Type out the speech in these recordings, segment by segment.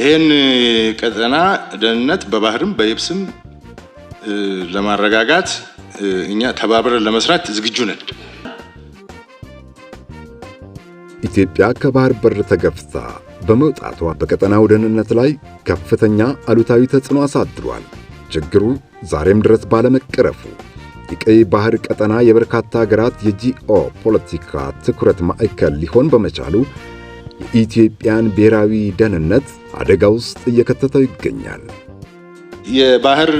ይህን ቀጠና ደህንነት በባህርም በየብስም ለማረጋጋት እኛ ተባብረን ለመስራት ዝግጁ ነን። ኢትዮጵያ ከባህር በር ተገፍታ በመውጣቷ በቀጠናው ደህንነት ላይ ከፍተኛ አሉታዊ ተጽዕኖ አሳድሯል። ችግሩ ዛሬም ድረስ ባለመቀረፉ የቀይ ባህር ቀጠና የበርካታ ሀገራት የጂኦ ፖለቲካ ትኩረት ማዕከል ሊሆን በመቻሉ የኢትዮጵያን ብሔራዊ ደህንነት አደጋ ውስጥ እየከተተው ይገኛል። የባህር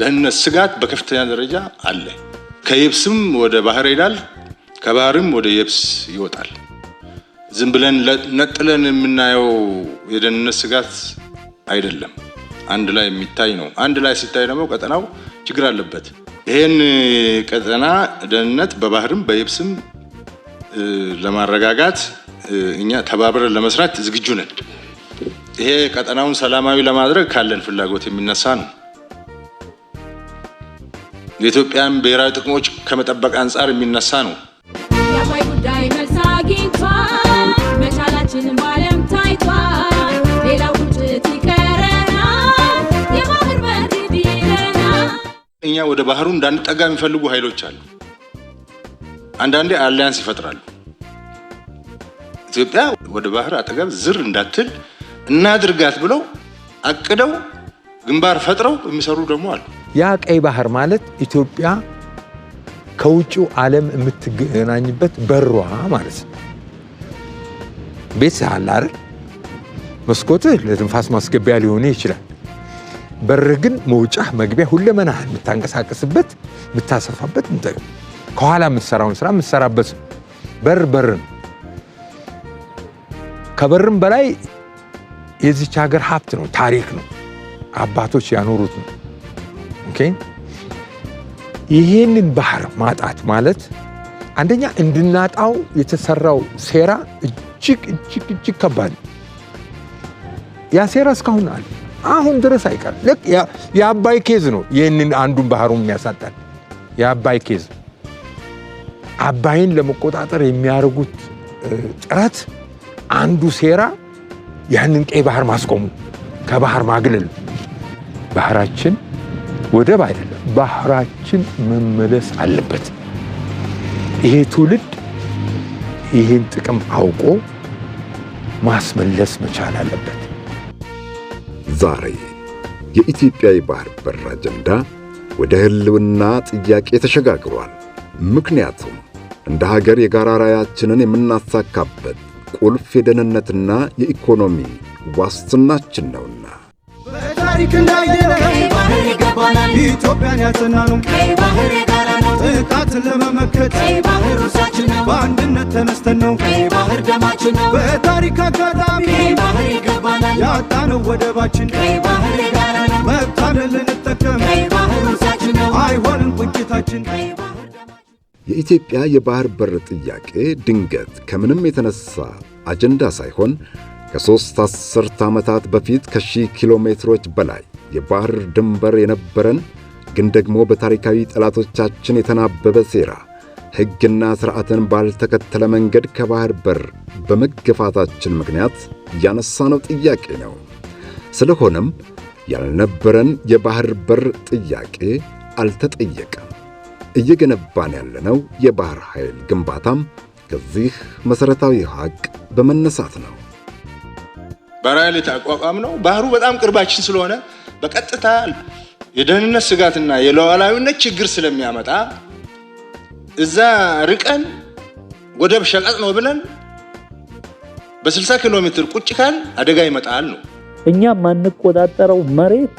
ደህንነት ስጋት በከፍተኛ ደረጃ አለ። ከየብስም ወደ ባህር ይሄዳል፣ ከባህርም ወደ የብስ ይወጣል። ዝም ብለን ነጥለን የምናየው የደህንነት ስጋት አይደለም። አንድ ላይ የሚታይ ነው። አንድ ላይ ሲታይ ደግሞ ቀጠናው ችግር አለበት። ይህን ቀጠና ደህንነት በባህርም በየብስም ለማረጋጋት እኛ ተባብረን ለመስራት ዝግጁ ነን። ይሄ ቀጠናውን ሰላማዊ ለማድረግ ካለን ፍላጎት የሚነሳ ነው። የኢትዮጵያን ብሔራዊ ጥቅሞች ከመጠበቅ አንጻር የሚነሳ ነው። የአባይ ጉዳይ መልስ አግኝቷል። መቻላችን በዓለም ታይቷል። ሌላው ቁጭት ይቀረናል። የባህር በር እኛ ወደ ባህሩ እንዳንጠጋ የሚፈልጉ ኃይሎች አሉ። አንዳንዴ አሊያንስ ይፈጥራሉ። ኢትዮጵያ ወደ ባህር አጠገብ ዝር እንዳትል እናድርጋት ብለው አቅደው ግንባር ፈጥረው የሚሰሩ ደግሞ አሉ። ያ ቀይ ባህር ማለት ኢትዮጵያ ከውጭው ዓለም የምትገናኝበት በሯ ማለት ነው። ቤት ሳለ አይደል መስኮትህ ለትንፋስ ማስገቢያ ሊሆን ይችላል። በርህ ግን መውጫህ፣ መግቢያ፣ ሁለመናህ የምታንቀሳቀስበት የምታሰፋበት እንጠቅም ከኋላ የምትሰራውን ስራ የምትሰራበት በር በር ከበርም በላይ የዚች ሀገር ሀብት ነው፣ ታሪክ ነው፣ አባቶች ያኖሩት ነው። ኦኬ ባህር ማጣት ማለት አንደኛ እንድናጣው የተሰራው ሴራ እጅግ እጅግ እጅግ ከባድ ነው። ያ ሴራ እስካሁን አለ፣ አሁን ድረስ አይቀርም። ልክ የአባይ ኬዝ ነው። ይህንን አንዱን ባህሩ የሚያሳጣል የአባይ ኬዝ አባይን ለመቆጣጠር የሚያደርጉት ጥረት አንዱ ሴራ ያንን ቀይ ባህር ማስቆሙ ከባህር ማግለል። ባህራችን ወደብ አይደለም፣ ባህራችን መመለስ አለበት። ይሄ ትውልድ ይህን ጥቅም አውቆ ማስመለስ መቻል አለበት። ዛሬ የኢትዮጵያ የባህር በር አጀንዳ ወደ ህልውና ጥያቄ ተሸጋግሯል። ምክንያቱም እንደ ሀገር የጋራ ራዕያችንን የምናሳካበት ቁልፍ የደህንነትና የኢኮኖሚ ዋስትናችን ነውና በታሪክ እንዳየነው ባህር ይገባናል። ባህር የጋራ ነው። ጥቃትን ለመመከት ባህር ነው። በአንድነት ተነስተን ነው ባህር ደማችን ነው። በታሪክ አጋጣሚ ባህር ይገባናል። ያጣነው ወደባችን ባህር የጋራ ነው። ልንጠቀም ባህር ነው። አይሆንም ቁጭታችን የኢትዮጵያ የባህር በር ጥያቄ ድንገት ከምንም የተነሳ አጀንዳ ሳይሆን ከሦስት አስርት ዓመታት በፊት ከሺህ ኪሎ ሜትሮች በላይ የባህር ድንበር የነበረን ግን ደግሞ በታሪካዊ ጠላቶቻችን የተናበበ ሴራ ሕግና ሥርዓትን ባልተከተለ መንገድ ከባህር በር በመገፋታችን ምክንያት ያነሳነው ጥያቄ ነው። ስለሆነም ያልነበረን የባህር በር ጥያቄ አልተጠየቀም። እየገነባን ያለነው የባህር ኃይል ግንባታም ከዚህ መሠረታዊ ሀቅ በመነሳት ነው። ባህር ኃይል የተቋቋም ነው ባህሩ በጣም ቅርባችን ስለሆነ በቀጥታ የደህንነት ስጋትና የሉዓላዊነት ችግር ስለሚያመጣ እዛ ርቀን ወደብ ሸቀጥ ነው ብለን በ60 ኪሎ ሜትር ቁጭ ካል አደጋ ይመጣል ነው። እኛ ማንቆጣጠረው መሬት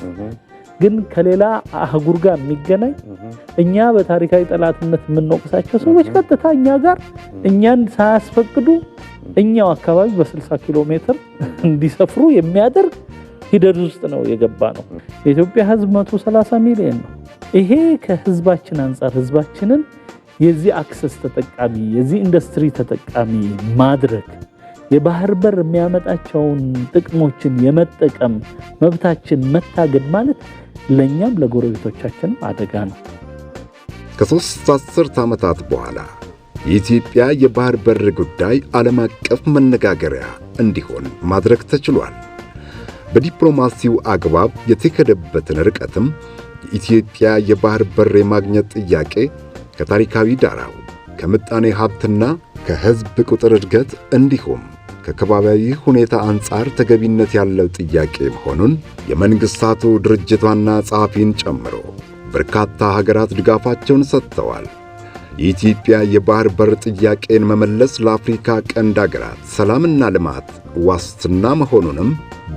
ግን ከሌላ አህጉር ጋር የሚገናኝ እኛ በታሪካዊ ጠላትነት የምንወቅሳቸው ሰዎች ቀጥታ እኛ ጋር እኛን ሳያስፈቅዱ እኛው አካባቢ በ60 ኪሎ ሜትር እንዲሰፍሩ የሚያደርግ ሂደት ውስጥ ነው የገባ ነው። የኢትዮጵያ ህዝብ 130 ሚሊዮን ነው። ይሄ ከህዝባችን አንጻር ህዝባችንን የዚህ አክሰስ ተጠቃሚ የዚህ ኢንዱስትሪ ተጠቃሚ ማድረግ የባህር በር የሚያመጣቸውን ጥቅሞችን የመጠቀም መብታችን መታገድ ማለት ለእኛም ለጎረቤቶቻችንም አደጋ ነው። ከሦስት አስርት ዓመታት በኋላ የኢትዮጵያ የባህር በር ጉዳይ ዓለም አቀፍ መነጋገሪያ እንዲሆን ማድረግ ተችሏል። በዲፕሎማሲው አግባብ የተከደበትን ርቀትም የኢትዮጵያ የባህር በር የማግኘት ጥያቄ ከታሪካዊ ዳራው ከምጣኔ ሀብትና ከሕዝብ ቁጥር እድገት እንዲሁም ከከባቢያዊ ሁኔታ አንጻር ተገቢነት ያለው ጥያቄ መሆኑን የመንግሥታቱ ድርጅት ዋና ጸሐፊን ጨምሮ በርካታ ሀገራት ድጋፋቸውን ሰጥተዋል። የኢትዮጵያ የባህር በር ጥያቄን መመለስ ለአፍሪካ ቀንድ አገራት ሰላምና ልማት ዋስትና መሆኑንም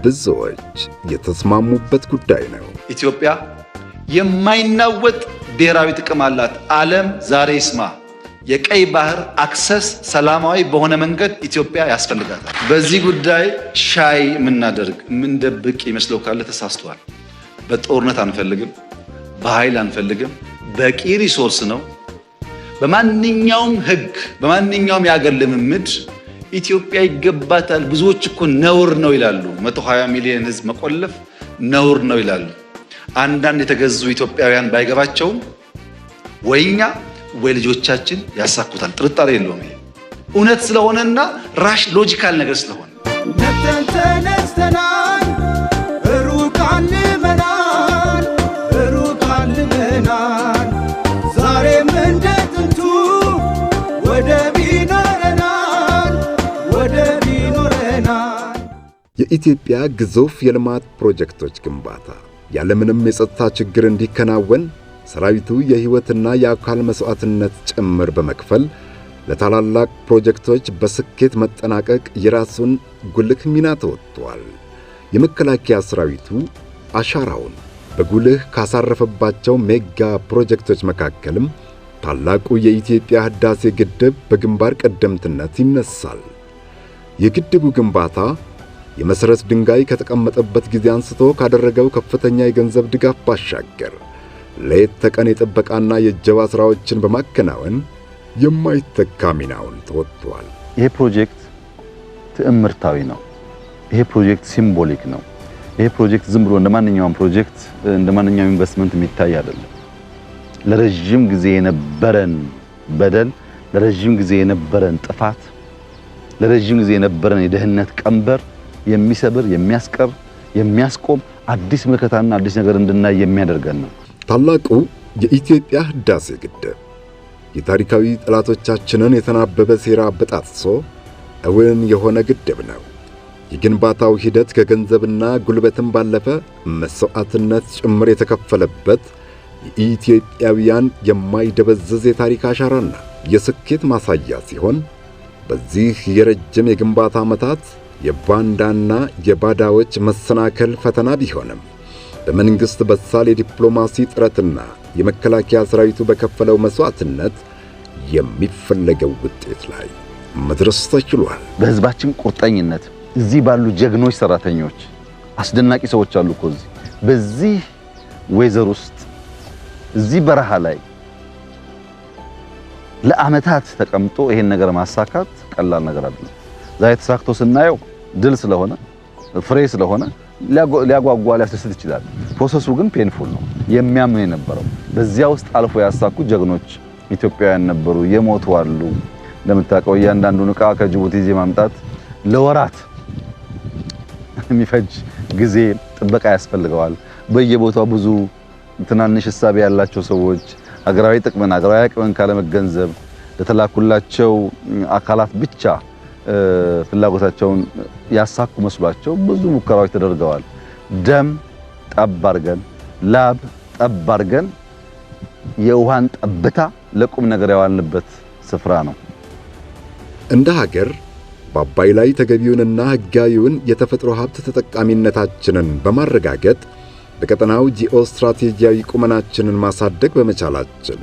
ብዙዎች የተስማሙበት ጉዳይ ነው። ኢትዮጵያ የማይናወጥ ብሔራዊ ጥቅም አላት። ዓለም ዛሬ ይስማ። የቀይ ባህር አክሰስ ሰላማዊ በሆነ መንገድ ኢትዮጵያ ያስፈልጋታል። በዚህ ጉዳይ ሻይ የምናደርግ የምንደብቅ ይመስለው ካለ ተሳስተዋል። በጦርነት አንፈልግም፣ በኃይል አንፈልግም። በቂ ሪሶርስ ነው። በማንኛውም ህግ በማንኛውም የአገር ልምምድ ኢትዮጵያ ይገባታል። ብዙዎች እኮ ነውር ነው ይላሉ። 120 ሚሊዮን ህዝብ መቆለፍ ነውር ነው ይላሉ። አንዳንድ የተገዙ ኢትዮጵያውያን ባይገባቸውም ወይኛ ወይ ልጆቻችን ያሳኩታል። ጥርጣሬ የለውም። ይሄ እውነት ስለሆነና ራሽ ሎጂካል ነገር ስለሆነ ተነስተናል ሩቃን ልመናል ሩቃን ልመናል ዛሬም እንደ ጥንቱ ወደብ ይኖረናል ወደብ ይኖረናል። የኢትዮጵያ ግዙፍ የልማት ፕሮጀክቶች ግንባታ ያለምንም የጸጥታ ችግር እንዲከናወን ሰራዊቱ የሕይወትና የአካል መሥዋዕትነት ጭምር በመክፈል ለታላላቅ ፕሮጀክቶች በስኬት መጠናቀቅ የራሱን ጉልህ ሚና ተወጥቷል። የመከላከያ ሰራዊቱ አሻራውን በጉልህ ካሳረፈባቸው ሜጋ ፕሮጀክቶች መካከልም ታላቁ የኢትዮጵያ ሕዳሴ ግድብ በግንባር ቀደምትነት ይነሳል። የግድቡ ግንባታ የመሠረት ድንጋይ ከተቀመጠበት ጊዜ አንስቶ ካደረገው ከፍተኛ የገንዘብ ድጋፍ ባሻገር ሌት ተቀን የጥበቃና የእጀባ ሥራዎችን በማከናወን የማይተካ ሚናውን ተወጥቷል። ይሄ ፕሮጀክት ትዕምርታዊ ነው። ይሄ ፕሮጀክት ሲምቦሊክ ነው። ይሄ ፕሮጀክት ዝም ብሎ እንደ ማንኛውም ፕሮጀክት እንደ ማንኛውም ኢንቨስትመንት የሚታይ አይደለም። ለረዥም ጊዜ የነበረን በደል፣ ለረዥም ጊዜ የነበረን ጥፋት፣ ለረዥም ጊዜ የነበረን የደህንነት ቀንበር የሚሰብር የሚያስቀር የሚያስቆም አዲስ ምልከታና አዲስ ነገር እንድናይ የሚያደርገን ነው። ታላቁ የኢትዮጵያ ህዳሴ ግድብ የታሪካዊ ጠላቶቻችንን የተናበበ ሴራ በጣጥሶ እውን የሆነ ግድብ ነው። የግንባታው ሂደት ከገንዘብና ጉልበትን ባለፈ መሥዋዕትነት ጭምር የተከፈለበት የኢትዮጵያውያን የማይደበዝዝ የታሪክ አሻራና የስኬት ማሳያ ሲሆን በዚህ የረጅም የግንባታ ዓመታት የባንዳና የባዳዎች መሰናከል ፈተና ቢሆንም በመንግሥት በሳል የዲፕሎማሲ ጥረትና የመከላከያ ሰራዊቱ በከፈለው መሥዋዕትነት የሚፈለገው ውጤት ላይ መድረስ ተችሏል። በሕዝባችን ቁርጠኝነት እዚህ ባሉ ጀግኖች ሰራተኞች፣ አስደናቂ ሰዎች አሉ እኮ እዚህ በዚህ ወይዘር ውስጥ እዚህ በረሃ ላይ ለዓመታት ተቀምጦ ይሄን ነገር ማሳካት ቀላል ነገር አይደለም። ዛሬ ተሳክቶ ስናየው ድል ስለሆነ ፍሬ ስለሆነ ሊያጓጓ ሊያስደስት ይችላል። ፕሮሰሱ ግን ፔንፉል ነው። የሚያምን የነበረው በዚያ ውስጥ አልፎ ያሳኩ ጀግኖች ኢትዮጵያውያን ነበሩ፣ የሞቱ አሉ። እንደምታውቀው እያንዳንዱን እቃ ከጅቡቲ ይዤ ማምጣት ለወራት የሚፈጅ ጊዜ ጥበቃ ያስፈልገዋል። በየቦታው ብዙ ትናንሽ እሳቤ ያላቸው ሰዎች አገራዊ ጥቅምን አገራዊ አቅምን ካለመገንዘብ ለተላኩላቸው አካላት ብቻ ፍላጎታቸውን ያሳኩ መስሏቸው ብዙ ሙከራዎች ተደርገዋል። ደም ጠብ አድርገን፣ ላብ ጠብ አድርገን የውሃን ጠብታ ለቁም ነገር ያዋልንበት ስፍራ ነው። እንደ ሀገር በአባይ ላይ ተገቢውንና ሕጋዊውን የተፈጥሮ ሀብት ተጠቃሚነታችንን በማረጋገጥ በቀጠናው ጂኦስትራቴጂያዊ ቁመናችንን ማሳደግ በመቻላችን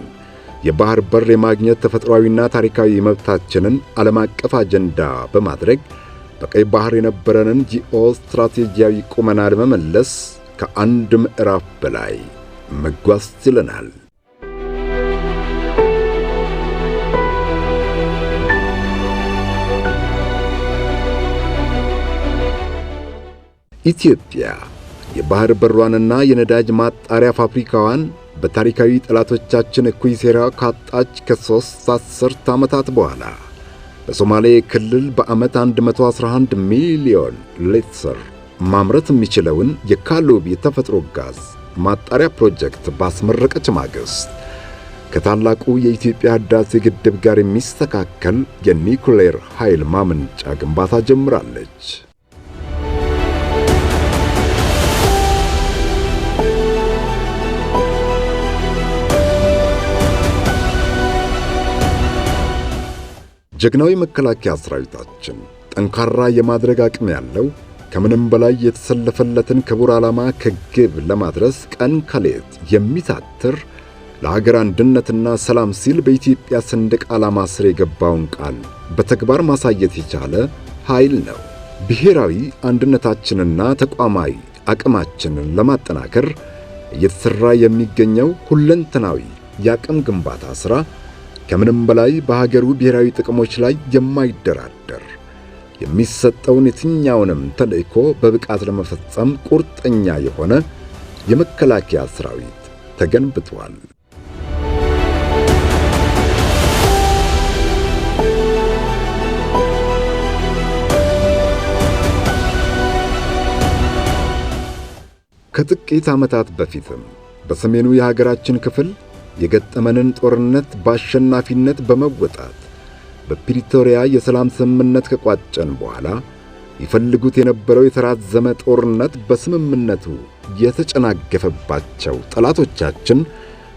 የባህር በር የማግኘት ተፈጥሯዊና ታሪካዊ መብታችንን ዓለም አቀፍ አጀንዳ በማድረግ በቀይ ባህር የነበረንን ጂኦ ስትራቴጂያዊ ቁመና ለመመለስ ከአንድ ምዕራፍ በላይ መጓዝ ችለናል። ኢትዮጵያ የባህር በሯንና የነዳጅ ማጣሪያ ፋብሪካዋን በታሪካዊ ጠላቶቻችን እኩይ ሴራ ካጣች ከሦስት አስርት ዓመታት በኋላ በሶማሌ ክልል በዓመት 111 ሚሊዮን ሊትር ማምረት የሚችለውን የካሉብ የተፈጥሮ ጋዝ ማጣሪያ ፕሮጀክት ባስመረቀች ማግስት ከታላቁ የኢትዮጵያ ሕዳሴ ግድብ ጋር የሚስተካከል የኒኩሌር ኃይል ማመንጫ ግንባታ ጀምራለች። ጀግናዊ መከላከያ ሰራዊታችን ጠንካራ የማድረግ አቅም ያለው ከምንም በላይ የተሰለፈለትን ክቡር ዓላማ ከግብ ለማድረስ ቀን ከሌት የሚታትር ለሀገር አንድነትና ሰላም ሲል በኢትዮጵያ ሰንደቅ ዓላማ ስር የገባውን ቃል በተግባር ማሳየት የቻለ ኃይል ነው። ብሔራዊ አንድነታችንና ተቋማዊ አቅማችንን ለማጠናከር እየተሠራ የሚገኘው ሁለንተናዊ የአቅም ግንባታ ሥራ ከምንም በላይ በሀገሩ ብሔራዊ ጥቅሞች ላይ የማይደራደር የሚሰጠውን የትኛውንም ተልእኮ በብቃት ለመፈጸም ቁርጠኛ የሆነ የመከላከያ ሰራዊት ተገንብቷል። ከጥቂት ዓመታት በፊትም በሰሜኑ የሀገራችን ክፍል የገጠመንን ጦርነት በአሸናፊነት በመወጣት በፕሪቶሪያ የሰላም ስምምነት ከቋጨን በኋላ ይፈልጉት የነበረው የተራዘመ ጦርነት በስምምነቱ የተጨናገፈባቸው ጠላቶቻችን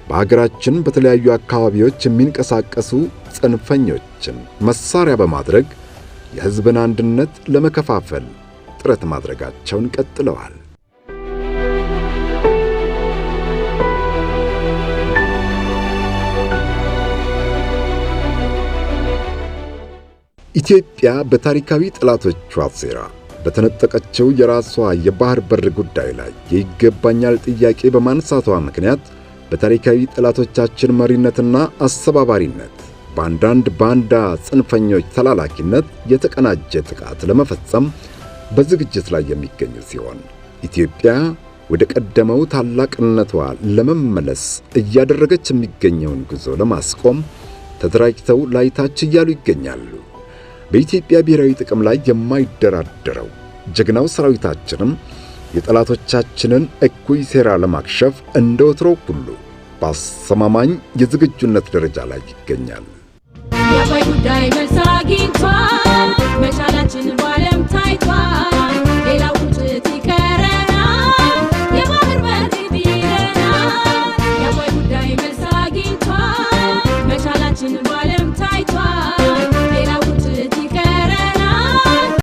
በሀገራችን በተለያዩ አካባቢዎች የሚንቀሳቀሱ ጽንፈኞችን መሳሪያ በማድረግ የሕዝብን አንድነት ለመከፋፈል ጥረት ማድረጋቸውን ቀጥለዋል። ኢትዮጵያ በታሪካዊ ጠላቶቿ ሴራ በተነጠቀችው የራሷ የባህር በር ጉዳይ ላይ የይገባኛል ጥያቄ በማንሳቷ ምክንያት በታሪካዊ ጠላቶቻችን መሪነትና አስተባባሪነት በአንዳንድ ባንዳ ጽንፈኞች ተላላኪነት የተቀናጀ ጥቃት ለመፈጸም በዝግጅት ላይ የሚገኙ ሲሆን ኢትዮጵያ ወደ ቀደመው ታላቅነቷ ለመመለስ እያደረገች የሚገኘውን ጉዞ ለማስቆም ተደራጅተው ላይታች እያሉ ይገኛሉ። በኢትዮጵያ ብሔራዊ ጥቅም ላይ የማይደራደረው ጀግናው ሰራዊታችንም የጠላቶቻችንን እኩይ ሴራ ለማክሸፍ እንደ ወትሮ ሁሉ በአስተማማኝ የዝግጁነት ደረጃ ላይ ይገኛል። የአባይ ጉዳይ መልስ አግኝቷል። መቻላችን